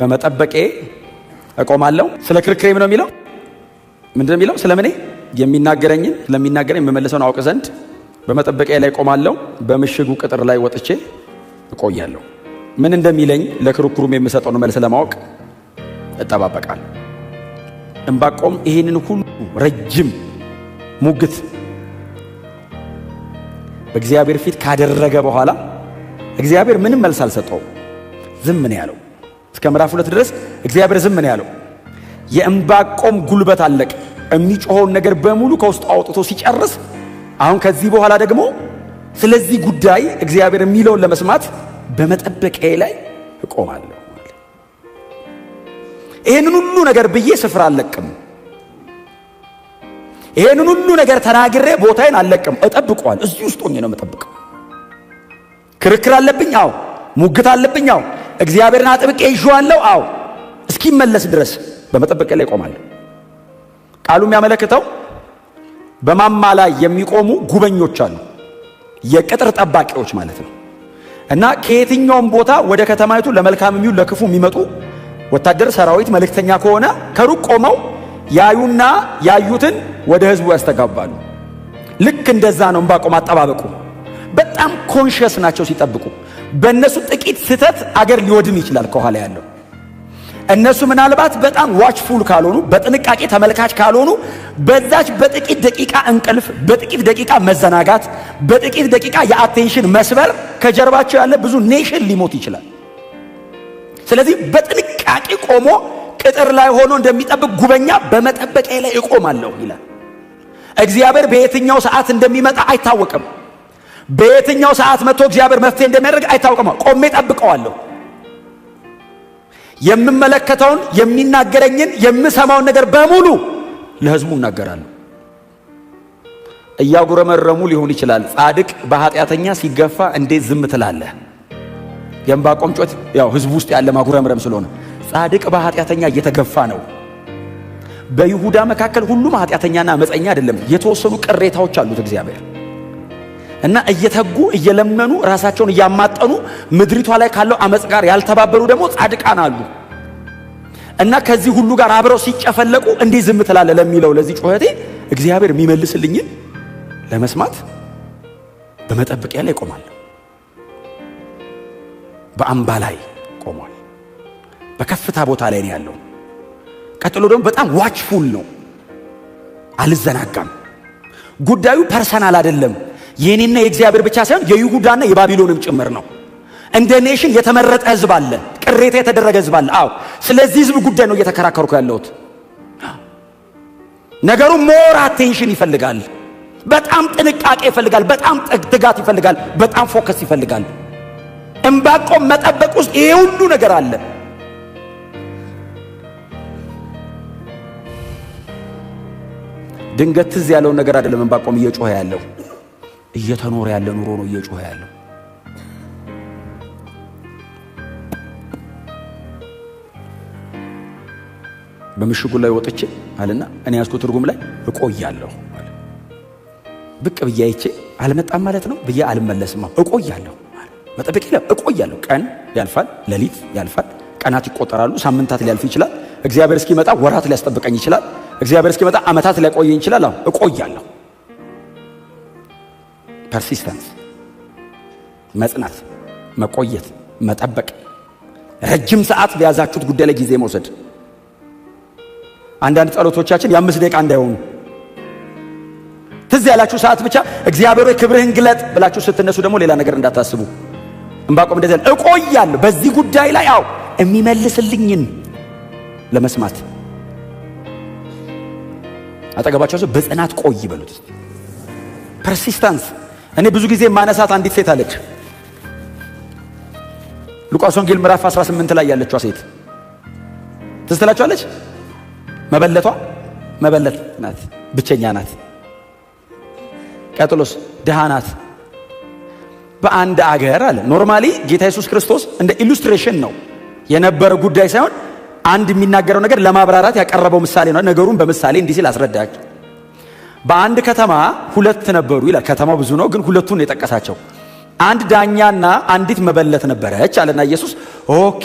በመጠበቄ እቆማለሁ። ስለ ክርክሬም ነው የሚለው። ምንድን ነው የሚለው? ስለምኔ የሚናገረኝን ስለሚናገረኝ የምመልሰውን አውቅ ዘንድ በመጠበቂያ ላይ እቆማለሁ። በምሽጉ ቅጥር ላይ ወጥቼ እቆያለሁ። ምን እንደሚለኝ ለክርክሩም የምሰጠውን መልስ ለማወቅ እጠባበቃል? እምባቆም ይህንን ሁሉ ረጅም ሙግት በእግዚአብሔር ፊት ካደረገ በኋላ እግዚአብሔር ምንም መልስ አልሰጠው? ዝም ምን ያለው። እስከ ምዕራፍ ሁለት ድረስ እግዚአብሔር ዝም ምን ያለው። የእምባቆም ጉልበት አለቅ የሚጮኸውን ነገር በሙሉ ከውስጡ አውጥቶ ሲጨርስ አሁን ከዚህ በኋላ ደግሞ ስለዚህ ጉዳይ እግዚአብሔር የሚለውን ለመስማት በመጠበቂያዬ ላይ እቆማለሁ። ይህንን ሁሉ ነገር ብዬ ስፍራ አለቅም። ይህንን ሁሉ ነገር ተናግሬ ቦታዬን አለቅም። እጠብቀዋል። እዚህ ውስጥ ሆኜ ነው የምጠብቀው። ክርክር አለብኝ፣ አዎ። ሙግት አለብኝ፣ አዎ። እግዚአብሔርን አጥብቄ ይዤዋለሁ። አዎ እስኪመለስ ድረስ በመጠበቅ ላይ ይቆማለሁ። ቃሉ የሚያመለክተው በማማ ላይ የሚቆሙ ጉበኞች አሉ፣ የቅጥር ጠባቂዎች ማለት ነው። እና ከየትኛውም ቦታ ወደ ከተማይቱ ለመልካም የሚውል ለክፉ የሚመጡ ወታደር፣ ሰራዊት፣ መልእክተኛ ከሆነ ከሩቅ ቆመው ያዩና ያዩትን ወደ ህዝቡ ያስተጋባሉ። ልክ እንደዛ ነው ዕንባቆም አጠባበቁ። በጣም ኮንሽየስ ናቸው ሲጠብቁ በእነሱ ጥቂት ስህተት አገር ሊወድም ይችላል። ከኋላ ያለው እነሱ ምናልባት በጣም ዋችፉል ካልሆኑ፣ በጥንቃቄ ተመልካች ካልሆኑ፣ በዛች በጥቂት ደቂቃ እንቅልፍ፣ በጥቂት ደቂቃ መዘናጋት፣ በጥቂት ደቂቃ የአቴንሽን መስበር ከጀርባቸው ያለ ብዙ ኔሽን ሊሞት ይችላል። ስለዚህ በጥንቃቄ ቆሞ ቅጥር ላይ ሆኖ እንደሚጠብቅ ጉበኛ በመጠበቂያ ላይ እቆማለሁ ይላል። እግዚአብሔር በየትኛው ሰዓት እንደሚመጣ አይታወቅም። በየትኛው ሰዓት መጥቶ እግዚአብሔር መፍትሄ እንደሚያደርግ አይታወቅም። ቆሜ ጠብቀዋለሁ። የምመለከተውን፣ የሚናገረኝን፣ የምሰማውን ነገር በሙሉ ለህዝቡ እናገራለሁ። እያጉረመረሙ ሊሆን ይችላል። ጻድቅ በኃጢአተኛ ሲገፋ እንዴት ዝም ትላለህ? የእንባ ቆምጮት ያው ህዝቡ ውስጥ ያለ ማጉረምረም ስለሆነ ጻድቅ በኃጢአተኛ እየተገፋ ነው። በይሁዳ መካከል ሁሉም ኃጢአተኛና መፀኛ አይደለም። የተወሰኑ ቅሬታዎች አሉት እግዚአብሔር እና እየተጉ እየለመኑ ራሳቸውን እያማጠኑ ምድሪቷ ላይ ካለው አመፅ ጋር ያልተባበሩ ደግሞ ጻድቃን አሉ። እና ከዚህ ሁሉ ጋር አብረው ሲጨፈለቁ እንዴት ዝም ትላለ ለሚለው ለዚህ ጩኸቴ እግዚአብሔር የሚመልስልኝን ለመስማት በመጠበቂያ ላይ ቆማለሁ። በአምባ ላይ ቆሟል። በከፍታ ቦታ ላይ ነው ያለው። ቀጥሎ ደግሞ በጣም ዋችፉል ነው። አልዘናጋም። ጉዳዩ ፐርሰናል አይደለም። የኔና የእግዚአብሔር ብቻ ሳይሆን የይሁዳና የባቢሎንም ጭምር ነው። እንደ ኔሽን የተመረጠ ህዝብ አለ፣ ቅሬታ የተደረገ ህዝብ አለ። አዎ፣ ስለዚህ ህዝብ ጉዳይ ነው እየተከራከርኩ ያለሁት። ነገሩ ሞር አቴንሽን ይፈልጋል፣ በጣም ጥንቃቄ ይፈልጋል፣ በጣም ትጋት ይፈልጋል፣ በጣም ፎከስ ይፈልጋል። እምባቆም መጠበቅ ውስጥ ይሄ ሁሉ ነገር አለ። ድንገት ትዝ ያለውን ነገር አይደለም እምባቆም እየጮኸ ያለው እየተኖረ ያለ ኑሮ ነው እየጮኸ ያለው። በምሽጉ ላይ ወጥቼ አለና እኔ ያዝኩ ትርጉም ላይ እቆያለሁ ብቅ ብዬ አይቼ አልመጣም ማለት ነው ብዬ አልመለስም እቆያለሁ መጠበቅ የለም እቆያለሁ ቀን ያልፋል ሌሊት ያልፋል ቀናት ይቆጠራሉ ሳምንታት ሊያልፍ ይችላል እግዚአብሔር እስኪመጣ ወራት ሊያስጠብቀኝ ይችላል እግዚአብሔር እስኪመጣ ዓመታት ሊያቆየኝ ይችላል እቆያለሁ ፐርሲስተንስ፣ መጽናት፣ መቆየት፣ መጠበቅ፣ ረጅም ሰዓት በያዛችሁት ጉዳይ ላይ ጊዜ መውሰድ። አንዳንድ ጸሎቶቻችን የአምስት ደቂቃ እንዳይሆኑ ትዝ ያላችሁ ሰዓት ብቻ እግዚአብሔር ሆይ ክብርህን ግለጥ ብላችሁ ስትነሱ ደግሞ ሌላ ነገር እንዳታስቡ። እንባቆም እንደዚያ እቆያለሁ በዚህ ጉዳይ ላይ አው የሚመልስልኝን ለመስማት አጠገባቸው ሰው በጽናት ቆይ በሉት። ፐርሲስታንስ እኔ ብዙ ጊዜ ማነሳት አንዲት ሴት አለች። ሉቃስ ወንጌል ምዕራፍ 18 ላይ ያለችዋ ሴት ትዝ መበለቷ መበለት ናት፣ ብቸኛ ናት። ቀጥሎስ ድሃ ናት። በአንድ አገር አለ ኖርማሊ ጌታ ኢየሱስ ክርስቶስ እንደ ኢሉስትሬሽን ነው የነበረ ጉዳይ ሳይሆን አንድ የሚናገረው ነገር ለማብራራት ያቀረበው ምሳሌ ነው። ነገሩን በምሳሌ እንዲህ ሲል አስረዳቸው። በአንድ ከተማ ሁለት ነበሩ ይላል። ከተማው ብዙ ነው፣ ግን ሁለቱን የጠቀሳቸው አንድ ዳኛና አንዲት መበለት ነበረች አለና ኢየሱስ ኦኬ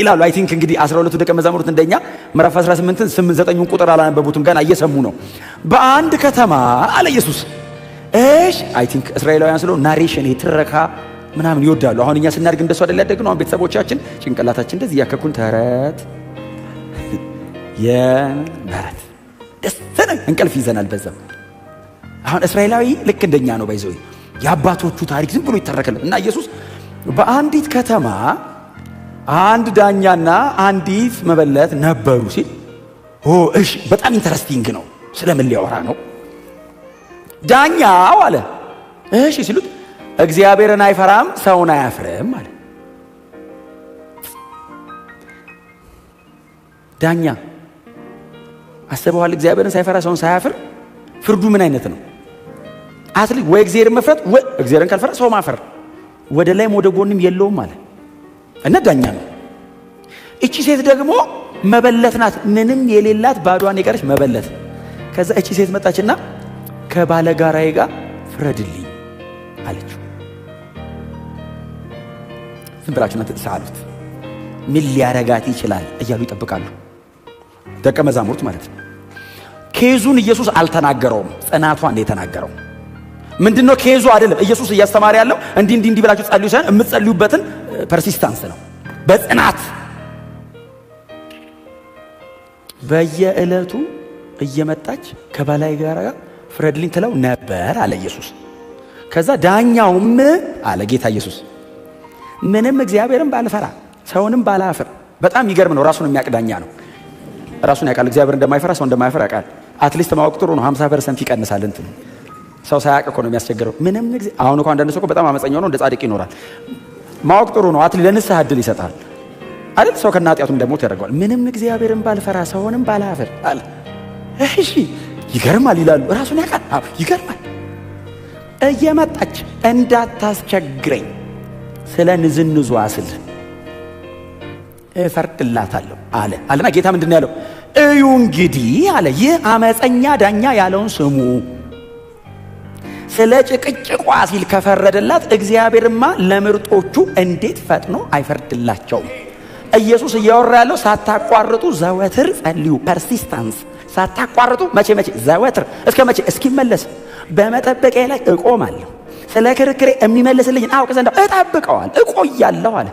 ይላሉ። አይ ቲንክ እንግዲህ 12 ደቀ መዛሙርት እንደኛ ምዕራፍ 18ን 8 9ን ቁጥር አላነበቡትም፣ ገና እየሰሙ ነው። በአንድ ከተማ አለ ኢየሱስ። እሽ አይ ቲንክ እስራኤላውያን ስለ ናሬሽን ትረካ ምናምን ይወዳሉ። አሁን እኛ ስናድግ እንደሱ አይደል ያደግነው። አሁን ቤተሰቦቻችን ጭንቅላታችን እንደዚህ እያከኩን ተረት የበረት ደስ እንቅልፍ ይዘናል። በዛ አሁን እስራኤላዊ ልክ እንደኛ ነው። ባይዘው የአባቶቹ ታሪክ ዝም ብሎ ይተረከል እና ኢየሱስ በአንዲት ከተማ አንድ ዳኛና አንዲት መበለት ነበሩ ሲል እሺ፣ በጣም ኢንተረስቲንግ ነው። ስለምን ሊያወራ ነው? ዳኛው አለ እሺ ሲሉት እግዚአብሔርን አይፈራም ሰውን አያፍርም አለ ዳኛ አስበዋል። እግዚአብሔርን ሳይፈራ ሰውን ሳያፍር ፍርዱ ምን አይነት ነው? አትሊ ወይ እግዚአብሔር መፍራት ወይ እግዚአብሔርን ካልፈራ ሰው ማፈር ወደ ላይም ወደ ጎንም የለውም አለ እና ዳኛ ነው። እቺ ሴት ደግሞ መበለት ናት፣ ምንም የሌላት ባዷን የቀረች መበለት። ከዛ እቺ ሴት መጣችና ከባለጋራዬ ጋር ፍረድልኝ አለችው። ዝም ብላችሁ ናት ምን ሊያረጋት ይችላል እያሉ ይጠብቃሉ። ደቀ መዛሙርት ማለት ነው። ኬዙን ኢየሱስ አልተናገረውም፣ ጽናቷን የተናገረው ምንድነው ኬዙ አይደለም። ኢየሱስ እያስተማረ ያለው እንዲህ እንዲህ እንዲህ ብላችሁ ጸልዩ ሳይሆን የምትጸልዩበትን ፐርሲስታንስ ነው፣ በጽናት በየዕለቱ እየመጣች ከባላይ ጋር ፍረድልኝ ትለው ነበር አለ ኢየሱስ። ከዛ ዳኛውም አለ ጌታ ኢየሱስ ምንም እግዚአብሔርን ባልፈራ ሰውንም ባላፍር በጣም ይገርም ነው። ራሱን የሚያቅ ዳኛ ነው። ራሱን ያውቃል። እግዚአብሔር እንደማይፈራ ሰው እንደማይፈራ ያውቃል። አትሊስት ማወቅ ጥሩ ነው። 50 ፐርሰንት ይቀንሳል። እንትን ሰው ሳያውቅ እኮ ነው የሚያስቸግረው። ምንም ጊዜ አሁን እኮ አንዳንድ ሰው እኮ በጣም አመፀኛ ነው፣ እንደ ጻድቅ ይኖራል። ማወቅ ጥሩ ነው። አትሊ ለንስሐ እድል ይሰጣል አይደል? ሰው ከነ ኃጢአቱ እንደሞት ያደርገዋል። ምንም እግዚአብሔርን ባልፈራ ሰውንም ባላፈር አለ። እሺ ይገርማል ይላሉ። ራሱን ያውቃል። ይገርማል። እየመጣች እንዳታስቸግረኝ ስለ ንዝንዟ ስል እፈርድላታለሁ አለ አለና ጌታ ምንድን ነው ያለው? እዩ እንግዲህ አለ። ይህ አመፀኛ ዳኛ ያለውን ስሙ። ስለ ጭቅጭቋ ሲል ከፈረደላት እግዚአብሔርማ ለምርጦቹ እንዴት ፈጥኖ አይፈርድላቸውም? ኢየሱስ እያወራ ያለው ሳታቋርጡ ዘወትር ጸልዩ፣ ፐርሲስታንስ ሳታቋርጡ መቼ መቼ? ዘወትር እስከ መቼ? እስኪመለስ በመጠበቂያ ላይ እቆማለሁ፣ ስለ ክርክሬ የሚመልስልኝን አውቅ ዘንዳ እጠብቀዋል፣ እቆያለሁ አለ።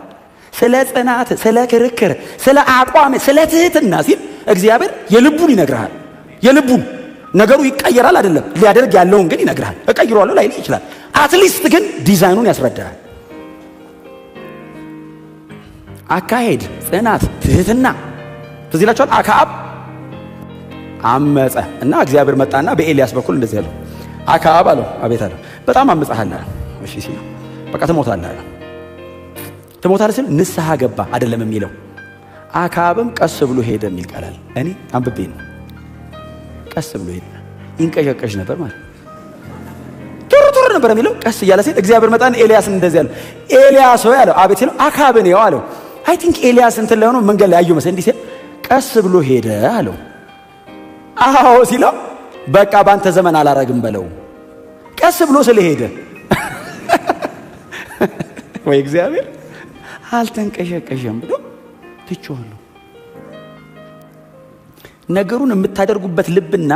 ስለ ጽናት፣ ስለ ክርክር፣ ስለ አቋም፣ ስለ ትህትና ሲል እግዚአብሔር የልቡን ይነግርሃል። የልቡን ነገሩ ይቀየራል አይደለም፣ ሊያደርግ ያለውን ግን ይነግርሃል። እቀይሯለሁ ላይ ይችላል። አትሊስት ግን ዲዛይኑን ያስረዳሃል። አካሄድ፣ ጽናት፣ ትህትና ትዝ ይላችኋል። አክዓብ አመፀ እና እግዚአብሔር መጣና በኤልያስ በኩል እንደዚህ ያለው አክዓብ አለው አቤት አለው በጣም አመፀሃል አለ። እሺ ሲ በቃ ትሞታለህ አለ ትሞታለህ ሲል ንስሐ ገባ አይደለም የሚለው አካብም ቀስ ብሎ ሄደ የሚል ቃላል እኔ አንብቤ ነው። ቀስ ብሎ ሄደ ይንቀሸቀሽ ነበር ማለት ቱር ቱር ነበር የሚለው ቀስ እያለ ሲል እግዚአብሔር መጣን ኤልያስን እንደዚህ ያለው ኤልያስ ሆይ አለው። አቤት ሲለው አካብን ያው አለው። አይ ቲንክ ኤልያስ እንትን ለሆነ መንገድ ላይ አየሁ መሰለኝ። እንዲህ ሲል ቀስ ብሎ ሄደ አለው። አዎ ሲለው በቃ ባንተ ዘመን አላረግም በለው። ቀስ ብሎ ስለሄደ ወይ እግዚአብሔር አልተንቀሸቀሸም ብሎ ትችዋለሁ። ነገሩን የምታደርጉበት ልብና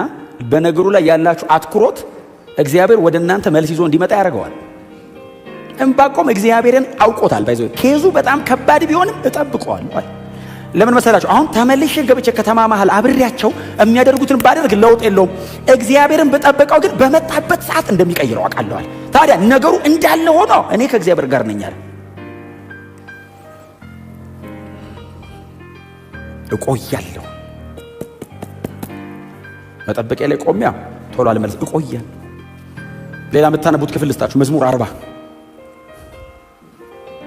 በነገሩ ላይ ያላችሁ አትኩሮት እግዚአብሔር ወደ እናንተ መልስ ይዞ እንዲመጣ ያደርገዋል። እምባቆም እግዚአብሔርን አውቆታል። ባይዘ ኬዙ በጣም ከባድ ቢሆንም እጠብቀዋል። ለምን መሰላችሁ? አሁን ተመልሼ ገብቼ ከተማ መሀል አብሬያቸው የሚያደርጉትን ባደርግ ለውጥ የለውም። እግዚአብሔርን በጠበቀው ግን በመጣበት ሰዓት እንደሚቀይረው አውቃለዋል። ታዲያ ነገሩ እንዳለ ሆኖ እኔ ከእግዚአብሔር ጋር ነኛል። እቆያለሁ። መጠበቂያ ላይ ቆሚያ ቶሎ አልመለስ እቆያለሁ። ሌላ የምታነቡት ክፍል ልስጣችሁ። መዝሙር አርባ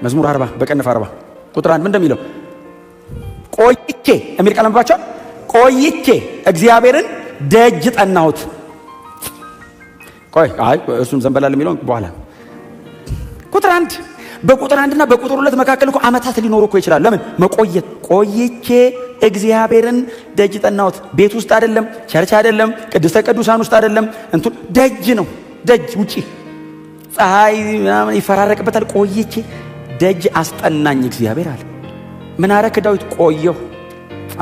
መዝሙር አርባ በቀነፍ አርባ ቁጥር አንድ ምን እንደሚለው ቆይቼ የሚል ቃል አንብባችኋል። ቆይቼ እግዚአብሔርን ደጅ ጠናሁት። ቆይ አይ እሱም ዘንበላል የሚለውን በኋላ ቁጥር አንድ በቁጥር አንድና በቁጥር ሁለት መካከል እኮ ዓመታት ሊኖሩ እኮ ይችላል። ለምን መቆየት ቆይቼ እግዚአብሔርን ደጅ ጠናሁት። ቤት ውስጥ አይደለም፣ ቸርች አይደለም፣ ቅድስተ ቅዱሳን ውስጥ አይደለም። እንትን ደጅ ነው፣ ደጅ ውጪ ፀሐይ ምናምን ይፈራረቅበታል። ቆይቼ ደጅ አስጠናኝ እግዚአብሔር አለ። ምን አረክ ዳዊት? ቆየሁ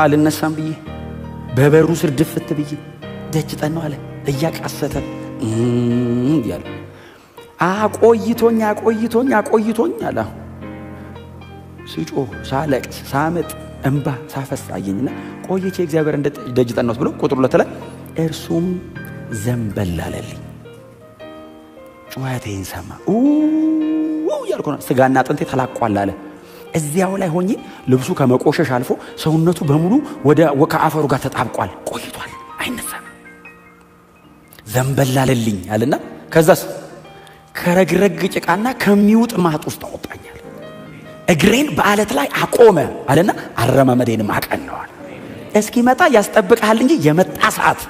አልነሳም ብዬ በበሩ ስር ድፍት ብዬ ደጅ ጠናው አለ እያቃሰተ እያለ አቆይቶኝ አቆይቶኝ አቆይቶኝ አለ ስጮ ሳለቅስ ሳምጥ እንባ ሳፈስ አየኝና ቆይቼ እግዚአብሔር እንደ ደጅ ጠናሁት ብሎ ቁጥር ሁለት ላይ እርሱም ዘንበል አለልኝ ጩኸቴን ሰማ ያልኩ ስጋና አጥንቴ ተላቋል አለ እዚያው ላይ ሆኜ ልብሱ ከመቆሸሽ አልፎ ሰውነቱ በሙሉ ወደ ከአፈሩ ጋር ተጣብቋል ቆይቷል አይነሳም ዘንበል አለልኝ አለና ከዛስ ከረግረግ ጭቃና ከሚውጥ ማጥ ውስጥ አወጣኛል። እግሬን በአለት ላይ አቆመ አለና አረማመዴንም አቀነዋል። እስኪመጣ ያስጠብቀሃል እንጂ የመጣ ሰዓት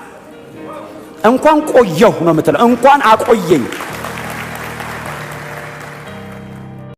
እንኳን ቆየሁ ነው የምትለው፣ እንኳን አቆየኝ